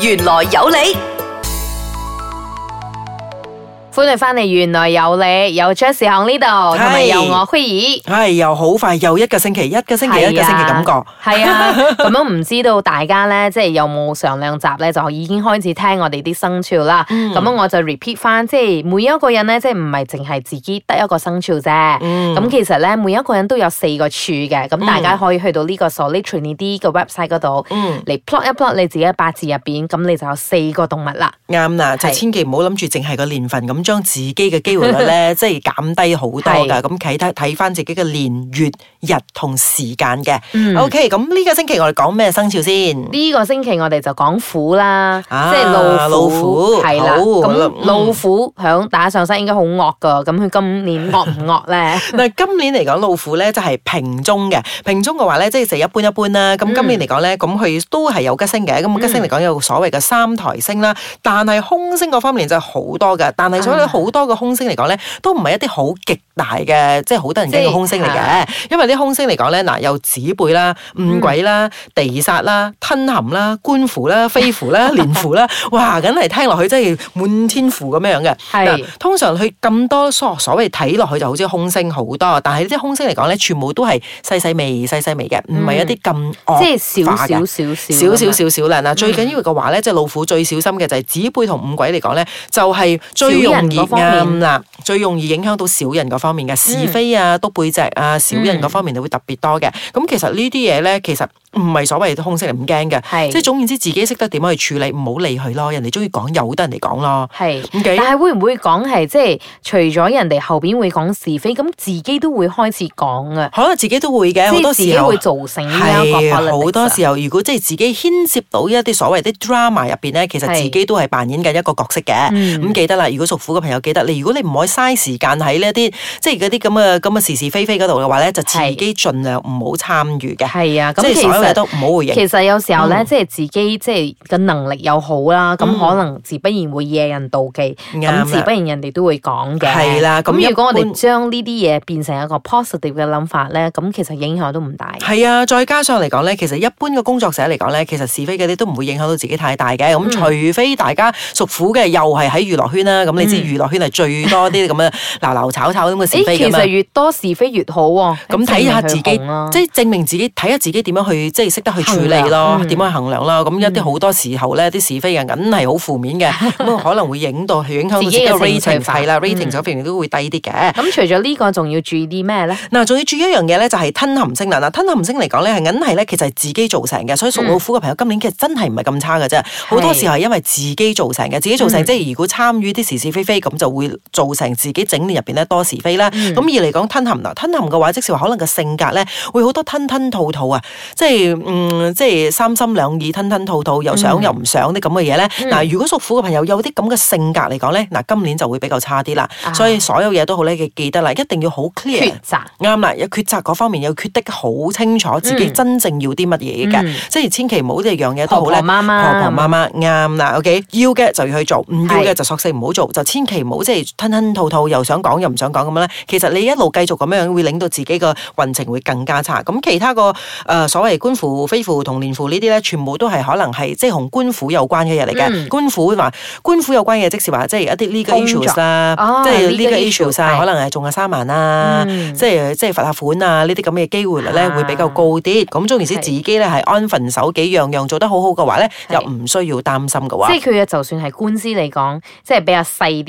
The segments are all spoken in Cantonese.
玄來有理。歡迎翻嚟，原來有你，有 Charles Hong 呢度，係有，有我係又好快，又一個星期，一個星期，啊、一個星期感覺，係啊，咁 樣唔知道大家咧，即係有冇上兩集咧，就已經開始聽我哋啲生肖啦。咁、嗯、我就 repeat 翻，即係每一個人咧，即係唔係淨係自己得一個生肖啫。咁、嗯、其實咧，每一個人都有四個柱嘅，咁大家可以去到呢個 solitrii 啲嘅 website 嗰度嚟、嗯、plot 一 plot 你自己嘅八字入邊，咁你就有四個動物啦。啱啦、啊，就千祈唔好諗住淨係個年份咁。將自己嘅機會率咧， 即係減低好多噶。咁睇睇翻自己嘅年月日同時間嘅。O K，咁呢個星期我哋講咩生肖先？呢、呢個星期我哋就講虎啦、啊，即係老虎，係啦。咁老虎響、嗯、打上身應該好惡噶。咁佢今年惡唔惡咧？嗱， 今年嚟講老虎咧就係平中嘅。平中嘅話咧，即係成日一般一般啦。咁今年嚟講咧，咁佢都係有吉星嘅。咁吉星嚟講有所謂嘅三台星啦、嗯。但係空星嗰方面就好多嘅。但係所好、嗯、多個凶星嚟講咧，都唔係一啲好極大嘅，即係好多人驚嘅凶星嚟嘅。因為啲凶星嚟講咧，嗱，有子背啦、五鬼啦、嗯、地煞啦、吞含啦、官符啦、飛符啦、連符啦， 哇！梗係聽落去真係滿天符咁樣樣嘅。嗱，通常佢咁多所所謂睇落去就好似凶星好多，但係呢啲凶星嚟講咧，全部都係細細微、細細微嘅，唔、嗯、係一啲咁惡化嘅。少少少少少少少少啦！嗱、嗯嗯，最緊要嘅話咧，即、就、係、是、老虎最小心嘅就係子背同五鬼嚟講咧，就係、是、最人嗰方面啦，最容易影響到小人嗰方面嘅、嗯、是非啊，都背脊啊，嗯、小人嗰方面就會特別多嘅。咁其實呢啲嘢咧，其實唔係所謂空制唔驚嘅，即係總言之，自己識得點樣去處理，唔好理佢咯。人哋中意講，由得人哋講咯。係，但係會唔會講係即係除咗人哋後邊會講是非，咁自己都會開始講嘅。可能自己都會嘅，好多時候自己會造成好多時候，如果即係自己牽涉到一啲所謂的 drama 入邊咧，其實自己都係扮演緊一個角色嘅。咁、嗯、記得啦，如果屬。嘅朋友記得，你如果你唔可以嘥時間喺呢啲，即係嗰啲咁嘅咁嘅是是非非嗰度嘅話咧，就自己盡量唔好參與嘅。係啊，即其實、就是、都唔好回應。其實有時候咧、嗯，即係自己即係嘅能力又好啦，咁可能自不然會惹人妒忌，咁、嗯、自不然人哋都會講嘅。係啦，咁如果我哋將呢啲嘢變成一個 positive 嘅諗法咧，咁其實影響都唔大。係啊，再加上嚟講咧，其實一般嘅工作者嚟講咧，其實是非嗰啲都唔會影響到自己太大嘅。咁除非大家屬苦嘅，又係喺娛樂圈啦，咁、嗯、你、嗯娛樂圈係最多啲咁樣鬧鬧炒炒咁嘅是非㗎嘛其實越多是非越好喎、啊。咁睇下自己，啊、即係證明自己，睇下自己點樣去，即係識得去處理咯，點樣衡量咯。咁、嗯嗯、一啲好多時候咧，啲是非嘅梗係好負面嘅，咁、嗯、可能會影到、嗯、影響到自己嘅 rating 係啦，rating 嗰方面都會低啲嘅。咁、嗯、除咗呢、呢個，仲要注意啲咩咧？嗱，仲要注意一樣嘢咧，就係吞含星啦。吞含星嚟講咧，係梗係咧，其實係自己造成嘅。所以屬老虎嘅朋友今年其實真係唔係咁差嘅啫。好、嗯、多時候係因為自己造成嘅，自己造成、嗯、即係如果參與啲是非。咁就會造成自己整年入邊咧多是非啦，嗯。咁二嚟講吞含，嗱吞含嘅話，即是話可能個性格咧會好多吞吞吐吐啊，即係嗯即係三心兩意吞吞吐，吐吐，又想又唔想啲咁嘅嘢咧嗱。嗯嗯、如果屬虎嘅朋友有啲咁嘅性格嚟講咧，嗱今年就會比較差啲啦。啊、所以所有嘢都好咧，記記得啦，一定要好 clear 啱啦，有抉擇嗰方面要抉的好清楚，自己真正要啲乜嘢嘅，嗯、即係千祈唔好呢樣嘢都好咧。婆婆媽媽，啱啦。OK，要嘅就要去做，唔要嘅就索性唔好做，就千祈唔好即係吞吞吐吐，又想講又唔想講咁樣咧。其實你一路繼續咁樣樣，會令到自己個運程會更加差。咁其他個誒、呃、所謂官符、非符同年符呢啲咧，全部都係可能係即係同官府有關嘅嘢嚟嘅。官府話，官府有關嘅，即是話即係一啲呢個 t o 啊，即係呢個 t o 可能係仲有三萬啊，嗯、即係即係罰下款啊，呢啲咁嘅機會率咧會比較高啲。咁總言之，自己咧係安分守己，樣樣做得好好嘅話咧，又唔需要擔心嘅話。即係佢就算係官司嚟講，即係比較細。啲嘅，即係唔係話官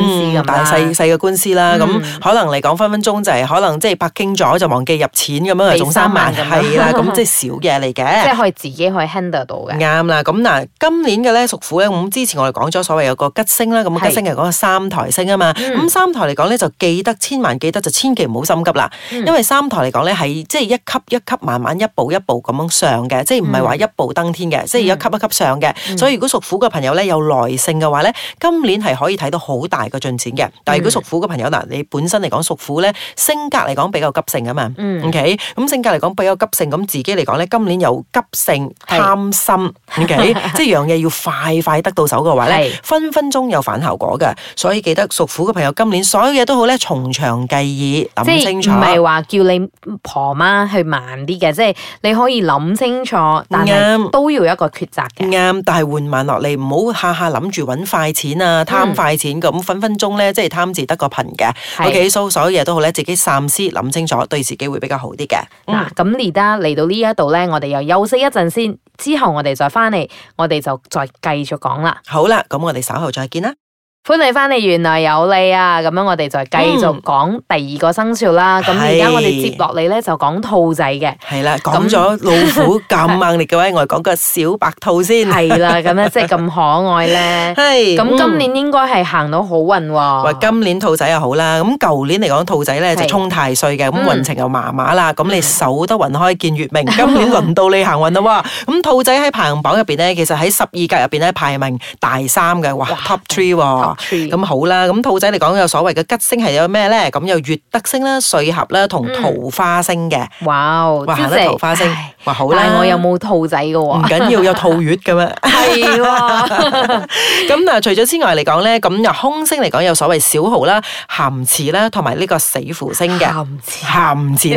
司咁啦，大細細嘅官司啦，咁、嗯、可能嚟講分分鐘就係、是、可能即係拍經咗就忘記入錢咁樣，仲、嗯、三萬，係、嗯、啦，咁 即係少嘢嚟嘅，即係可以自己可以 handle 到嘅。啱啦，咁嗱，今年嘅咧屬虎咧，咁之前我哋講咗所謂有個吉星啦，咁吉星係講三台星啊嘛，咁、嗯、三台嚟講咧就記得千萬記得就千祈唔好心急啦、嗯，因為三台嚟講咧係即係一級一級慢慢一步一步咁樣上嘅、嗯，即係唔係話一步登天嘅、嗯，即係一級一級上嘅、嗯，所以如果屬虎嘅朋友咧有耐性嘅話咧。今年係可以睇到好大嘅進展嘅，但係如果屬虎嘅朋友嗱，嗯、你本身嚟講屬虎咧，性格嚟講比較急性啊嘛。OK 咁性格嚟講比較急性，咁、嗯 okay? 自己嚟講咧，今年有急性貪心、okay? 即係樣嘢要快快得到手嘅話咧，分分鐘有反效果嘅。所以記得屬虎嘅朋友今年所有嘢都好咧，從長計議，諗清楚。唔係話叫你婆媽去慢啲嘅，即係你可以諗清楚，嗯、但係都要一個抉擇嘅。啱、嗯嗯，但係緩慢落嚟，唔好下下諗住揾快錢啊，貪快錢咁、嗯，分分鐘咧，即係貪字得個貧嘅。Okay, so, 所以所有嘢都好咧，自己三思諗清楚，對自己會比較好啲嘅。嗱，咁而家嚟到呢一度咧，我哋又休息一陣先，之後我哋再翻嚟，我哋就再繼續講啦。好啦，咁我哋稍後再見啦。歡迎翻嚟，原來有你啊！咁樣我哋就繼續講第二個生肖啦。咁而家我哋接落嚟咧就講兔仔嘅。係啦，講咗老虎咁猛烈嘅話，我哋講個小白兔先。係啦，咁樣即係咁可愛咧。係。咁今年應該係行到好運喎。喂，今年兔仔又好啦。咁舊年嚟講兔仔咧就沖太歲嘅，咁運程又麻麻啦。咁你守得雲開見月明，今年輪到你行運啦。咁兔仔喺排行榜入邊咧，其實喺十二格入邊咧排名第三嘅。哇，Top Three 喎。咁、哦、好啦，咁兔仔你講嘅所謂嘅吉星係有咩呢？咁有月德星啦、歲合啦同桃花星嘅、嗯。哇！哇，行得桃花星。哎話好，但我有冇兔仔噶喎，唔緊要，有兔月噶咩？係，咁嗱，除咗之外嚟講咧，咁又空星嚟講，有所謂小耗啦、咸池啦，同埋呢個死符星嘅咸池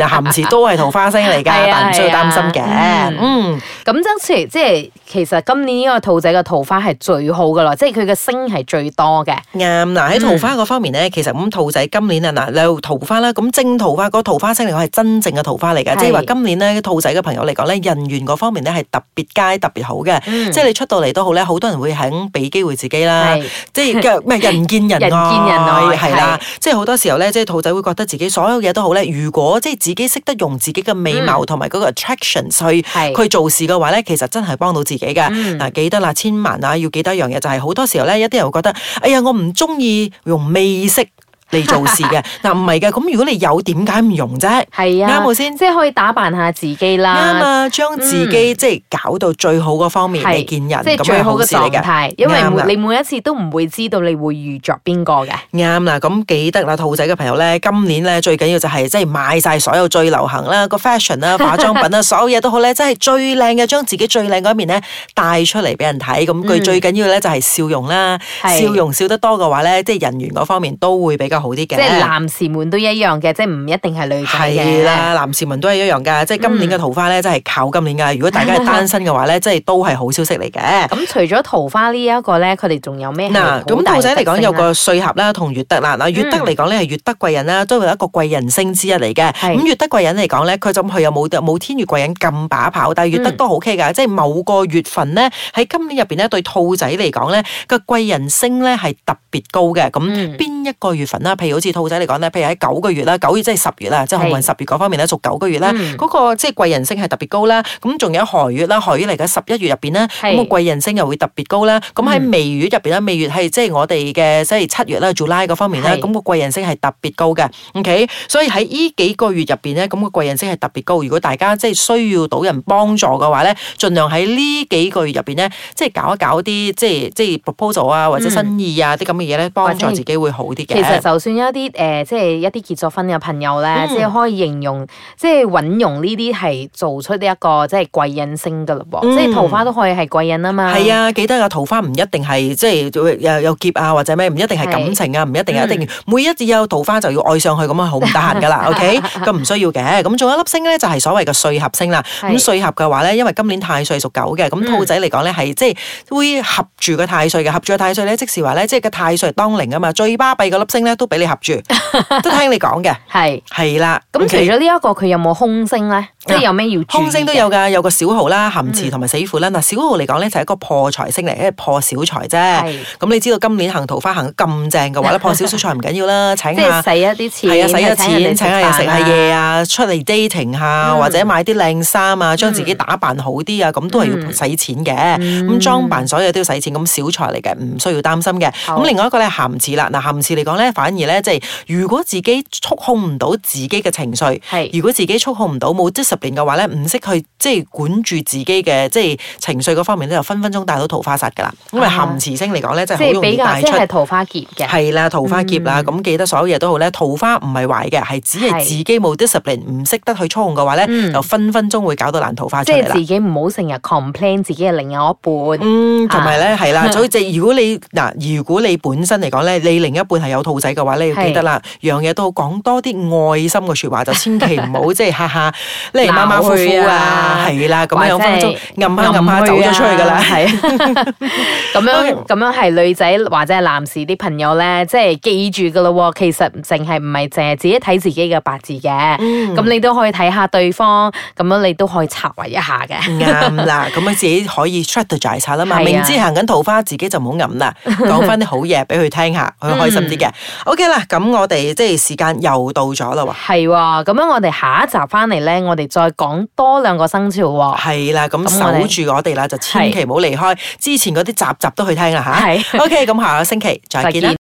啊，咸池都係桃花星嚟噶，但唔需要擔心嘅、啊啊。嗯，咁、嗯、即係即係，其實今年呢個兔仔嘅桃花係最好噶啦，即係佢嘅星係最多嘅。啱，嗱喺桃花嗰方面咧、嗯，其實咁、嗯、兔仔今年啊嗱，有、呃、桃花啦，咁正桃花個桃花星嚟，講係真正嘅桃花嚟噶，即係話今年咧兔仔嘅朋友嚟。講咧，人緣嗰方面咧，係特別佳，特別好嘅、嗯，即係你出到嚟都好咧，好多人會肯俾機會自己啦，即係嘅咩人見人愛係啦人人，即係好多時候咧，即係兔仔會覺得自己所有嘢都好咧。如果即係自己識得用自己嘅美貌同埋嗰個 attraction 去、嗯、去做事嘅話咧，其實真係幫到自己嘅。嗱，記得啦，千萬啊，要記得一樣嘢就係、是、好多時候咧，一啲人會覺得，哎呀，我唔中意用美色。嚟 做事嘅。嗱，唔係嘅，咁如果你有，點解唔用啫？係啊，啱冇先，即係可以打扮一下自己啦，啱啊，將自己、嗯、即係搞到最好嗰方面你見人，即係最好嘅狀態。因為每、啊、你每一次都唔會知道你會遇著邊個嘅。啱啦，咁記得啦，兔仔嘅朋友咧，今年咧最緊要就係即係買晒所有最流行啦，個 fashion 啦、化妝品啦，所有嘢都好咧，即係最靚嘅，將自己最靚嗰一面咧帶出嚟俾人睇。咁、嗯、佢最緊要咧就係笑容啦，笑容笑得多嘅話咧，即係人緣嗰方面都會比較好即係男士們都一樣嘅，即係唔一定係女仔。嘅。係啦，男士們都係一樣噶、嗯，即係今年嘅桃花咧、嗯，真係靠今年噶。如果大家係單身嘅話咧，即 係都係好消息嚟嘅。咁、嗯、除咗桃花呢一個咧，佢哋仲有咩？嗱，咁兔仔嚟講有個歲合啦，同月德啦、嗯。月德嚟講咧係月德貴人啦，都有一個貴人星之一嚟嘅。咁、嗯、月德貴人嚟講咧，佢就佢又冇冇天月貴人咁把炮，但係月德都 OK 噶。即係某個月份咧，喺今年入邊咧，對兔仔嚟講咧個貴人星咧係特別高嘅。咁、嗯、邊一個月份譬如好似兔仔嚟講咧，譬如喺九個月啦，九月即係十月啊，即係紅運十月嗰方面咧，屬九個月咧，嗰、嗯那個即係貴人星係特別高啦。咁仲有亥月啦，亥月嚟嘅十一月入邊咧，咁個貴人星又會特別高啦。咁喺未月入邊咧，未月係即係我哋嘅即係七月啦，July 嗰方面咧，咁個貴人星係特別高嘅。O、okay? K，所以喺呢幾個月入邊咧，咁個貴人星係特別高。如果大家即係需要到人幫助嘅話咧，儘量喺呢幾個月入邊咧，即、就、係、是、搞一搞啲即係即係 proposal 啊，或者生意啊啲咁嘅嘢咧，幫助自己會好啲嘅。其實就算一啲誒，即係一啲結咗婚嘅朋友咧，即係可以形容，即係搵用呢啲係做出呢一個即係貴人星噶嘞噃，即係桃花都可以係貴人啊嘛。係啊，記得啊，桃花唔一定係即係有劫啊或者咩，唔一定係感情啊，唔一定係一定，每一次有桃花就要愛上去咁啊，好唔得閒噶啦，OK，咁唔需要嘅。咁仲有一粒星咧，就係所謂嘅歲合星啦。咁歲合嘅話咧，因為今年太歲屬狗嘅，咁兔仔嚟講咧係即係會合住個太歲嘅，合住個太歲咧，即係話咧即係個太歲當令啊嘛，最巴閉個粒星咧都。俾你合住，都聽你講嘅，係係啦。咁除咗呢一個，佢、okay. 有冇空星咧？啊？即係有咩要？空星都有㗎，有個小號啦、咸池同埋死符啦。嗱、嗯，小號嚟講咧就係一個破財星嚟，係、嗯、破小財啫。咁你知道今年行桃花行得咁正嘅話 破少少財唔緊要啦。請下，使一啲錢，係啊，使、啊、請食、啊、下嘢啊，出嚟 dating 下、嗯、或者買啲靚衫啊、嗯，將自己打扮好啲啊，咁都係要使錢嘅。咁、嗯嗯、裝扮所有都要使錢，咁小財嚟嘅，唔需要擔心嘅。咁另外一個咧咸池啦，嗱咸池嚟講咧反。而咧，即係如果自己操控唔到自己嘅情緒，如果自己操控唔到冇 discipline 嘅話咧，唔識去即係管住自己嘅即係情緒嗰方面咧，就分分鐘帶到桃花煞噶啦。因為含來說啊，含辭星嚟講咧，即係好容易帶出。即是是桃花劫嘅。係啦、啊，桃花劫啦，咁、嗯、記得所有嘢都好咧。桃花唔係壞嘅，係只係自己冇 discipline，c 唔識得去操控嘅話咧、嗯，就分分鐘會搞到爛桃花出嚟。即係自己唔好成日 complain 自己嘅另外一半。同埋咧係啦，所以即係如果你嗱，如果你本身嚟講咧，你另一半係有兔仔嘅。你要記得啦，是一樣嘢都好講多啲愛心嘅説話，就千祈唔好即係下下你馬馬虎虎啊，係、啊、啦，咁樣兩分鐘暗暗暗暗暗暗暗、嗯啊，下揞下走咗出去噶啦，係 咁 樣咁樣係女仔或者係男士啲朋友咧，即、就、係、是、記住噶咯喎，其實淨係唔係淨係自己睇自己嘅八字嘅，咁、嗯、你都可以睇下對方，咁樣你都可以察覺一下嘅，啱啦，咁你自己可以 strategize 啦嘛、啊，明知行緊桃花，自己就唔 好揞啦，講翻啲好嘢俾佢聽一下，佢開心啲嘅。嗯 O K 啦，咁我哋即係時間又到咗啦，係喎、啊，咁樣我哋下一集翻嚟咧，我哋再講多兩個生肖喎。係啦、啊，咁守住我哋啦，就千祈唔好離開。之前嗰啲集集都去聽啦，吓。係，O K，咁下個星期再見啦。